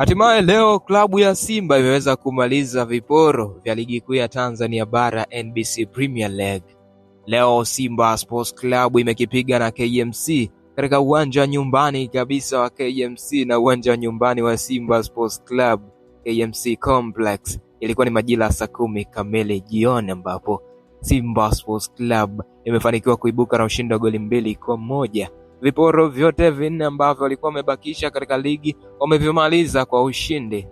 Hatimaye leo klabu ya Simba imeweza kumaliza viporo vya ligi kuu ya Tanzania bara NBC Premier League. Leo Simba Sports Club imekipiga na KMC katika uwanja nyumbani kabisa wa KMC na uwanja nyumbani wa Simba Sports Club KMC Complex. Ilikuwa ni majira ya saa kumi kamili jioni ambapo Simba Sports Club imefanikiwa kuibuka na ushindi wa goli mbili kwa moja Viporo vyote vinne ambavyo walikuwa wamebakisha katika ligi wamevimaliza kwa ushindi,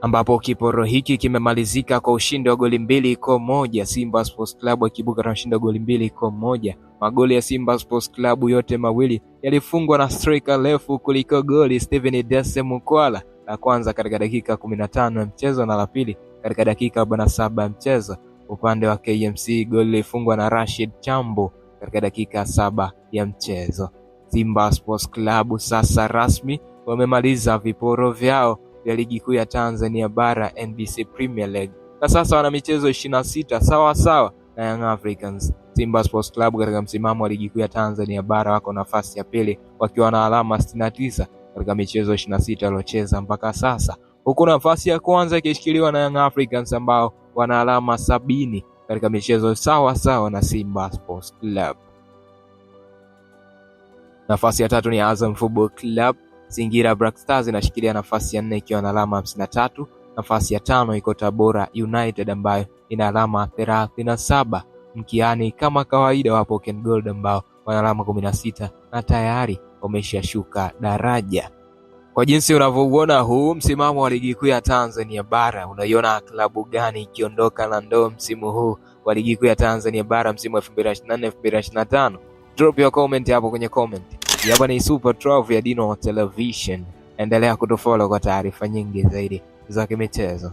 ambapo kiporo hiki kimemalizika kwa ushindi wa goli mbili kwa moja, Simba Sports Club akibuka na ushindi wa goli mbili kwa moja. Magoli ya Simba Sports Club yote mawili yalifungwa na striker refu kuliko goli Steven Dese Mukwala, la kwanza katika dakika 15 ya mchezo na la pili katika dakika 47 ya mchezo. Upande wa KMC goli lilifungwa na Rashid Chambo katika dakika saba ya mchezo. Simba Sports Club sasa rasmi wamemaliza viporo vyao vya ligi kuu ya Tanzania bara NBC Premier League na sasa wana michezo 26 sawa sawa na Young Africans. Simba Sports Club katika msimamo wa ligi kuu ya Tanzania bara wako nafasi ya pili wakiwa na alama 69 katika michezo 26 waliocheza mpaka sasa, huku nafasi ya kwanza ikishikiliwa na Young Africans ambao wana alama sabini katika michezo sawa sawa na Simba Sports Club. Nafasi ya tatu ni Azam Football Club. Singida Black Stars inashikilia nafasi ya nne ikiwa na alama 53 na tatu. Nafasi ya tano iko Tabora United ambayo ina alama 37 na saba. Mkiani kama kawaida, wapo Ken Gold ambao wana alama kumi na sita na tayari wameshashuka daraja. Kwa jinsi unavyouona huu msimamo wa ligi kuu ya Tanzania bara, unaiona klabu gani ikiondoka na ndoo msimu huu wa ligi kuu ya Tanzania bara msimu 2024 2025? Drop your comment hapo kwenye comment ya ni Super 12 ya Dino Television. Endelea kutufollow kwa taarifa nyingi zaidi za kimichezo.